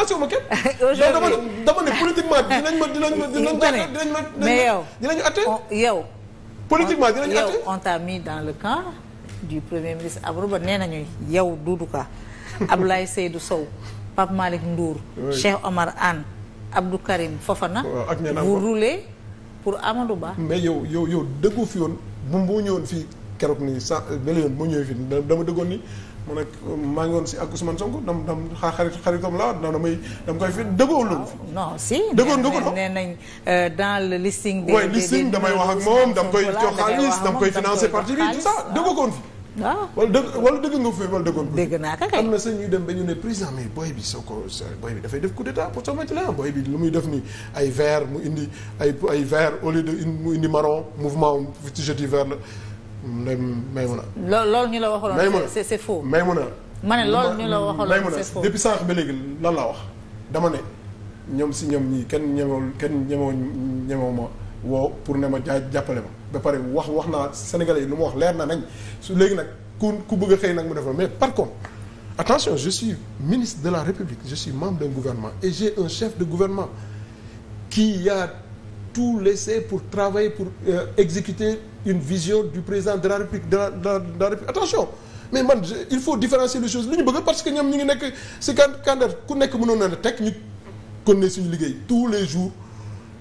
menacé wu ma kenn. aujourd'hui dama ne dama ne politiquement dinañ ma dinañ ma dinañ ma dinañ ma mais yow dinañ atte yow. politiquement dinañ atte yow on t'a mis dans le camp du premier ministre Amadou Ba nee nañu yow Doudou Ka Abdoulaye Seydou Sow Pape Malick Ndour. Cheikh Omar Anne Abdou Karim Fofana. Oh, ak vous roulez pour Amadou Ba. mais yow yow yow dëggu fi woon bu mu ñëwoon fii. keroog nii sa benn yoon bu ñëwee fii dama dëggoon ni mu nag maa ngi woon si ak Ousmane Sonko dam dam xarit la damay dam koy fi dëggoon la fi ah, dëggoon nga ko non nee nañ euh, dans le listing bi listing damay wax koy jox xaalis dam koy financer parti bi tout ça dëggoon fi dëgg naa ka kay am na sëñ ñu dem ba ñu ne président mais booy bi soo ko booy bi dafay def coup d'état pour soo ma ci booy bi lu muy def ni ay vert mu indi ay ay vert au lieu de mu indi marron mouvement futi jeudi vert la Ndeye Maymuna. loolu ñu la waxoon. Maymuna c'est c'est faux. Maymuna. ma ne loolu ñu la waxoon c'est faux. depuis sànq ba léegi lan laa wax dama ne ñoom si ñoom ñii kenn ñemewul kenn ñemewu ñemewu ma woo pour ne ma jaa jàppale ma ba pare wax wax naa Sénégalais yi lu ma wax leer na nañ su léegi nag ku ku bëgg a xëy nag mu def mais par contre attention je suis ministre de la République je suis membre d'un gouvernement et j'ai un chef de gouvernement qui a tout laisser pour travailler, pour euh, exécuter une vision du président de la République. De la, de la, de Attention, mais man il faut différencier les choses li ñu bëgg parce que ñoom ñu ngi nekk si candidat ku nekk mënoon na ne teg ñu suñu liggéey tous les jours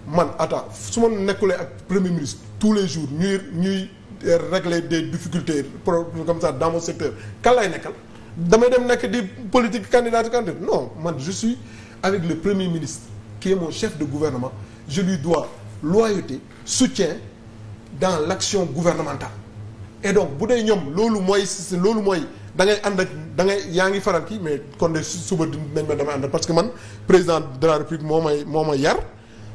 man attends su ma nekkulee ak premier ministre tous les jours ñuy ñuy euh, régler des difficultés comme ça dans mon secteur kan lay nekkal damay dem nekk di politique candidat man je suis avec le premier ministre qui de gouvernement je lui dois loyauté soutien dans l'action gouvernementale et donc bu dee ñoom loolu mooy loolu mooy da ngay ànd ak da ngay yaa ngi faral kii mais kon de suba nañ ma damay ànd parce que man président de la république moo may moo ma yar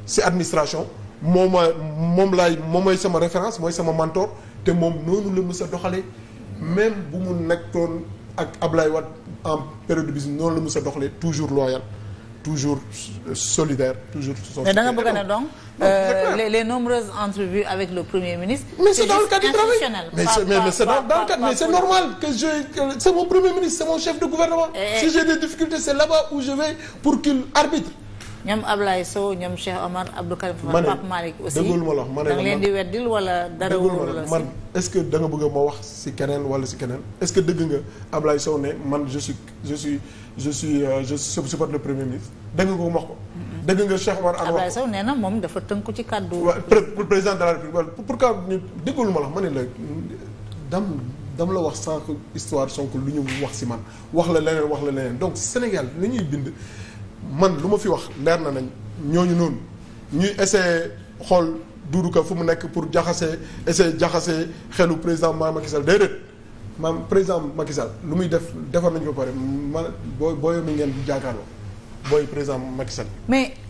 si administration moo moom laay moom mooy sama référence mooy sama mentor te moom noonu la mës doxale doxalee même bu mu nekkoon ak Ablaye Wade en période de business noonu la mës a doxalee toujours loyal toujours solidaire toujours. mais da nga bëgg a ne donc euh, les, les nombreuses entrevues avec le premier ministre. mais c'est dans le cadre du travail mais c'est mais c'est dans dans le cadre mais c'est normal que je c'est mon premier ministre c'est mon chef de gouvernement. Eh, eh. si j'ai des difficultés c'est là-bas où je vais pour qu'il arbitre. ñoom Ablaye Sow ñoom Cheikh Omar Abdou Karim Pape Malick aussi dëggul ma la wax man da nga leen di weddil wala la que da nga bëgg a ma si keneen wala si keneen est ce que dëgg nga Ablaye Sow ne man je suis je suis je suis euh, je supporte ko wax ko dëgg nga Cheikh Omar ak Ablaye nee na moom dafa tënku ci kàddu waaw président de la République wala pourquoi ñu dëggul ma la dam dama la wax sànq histoire Sonko lu ñu wax si man wax la leneen wax la leneen donc Sénégal li ñuy bind man lu ma fi wax leer na nañ ñooñu noonu ñuy essayer xool Doudou Ka fu mu nekk pour jaxasee essayer jaxasee xelu président ma Sall déedéet maam président Macky Sall lu muy def defar nañu ko pare man booy booy mi ngeen jàkkaarloo booy président Macky Sall mais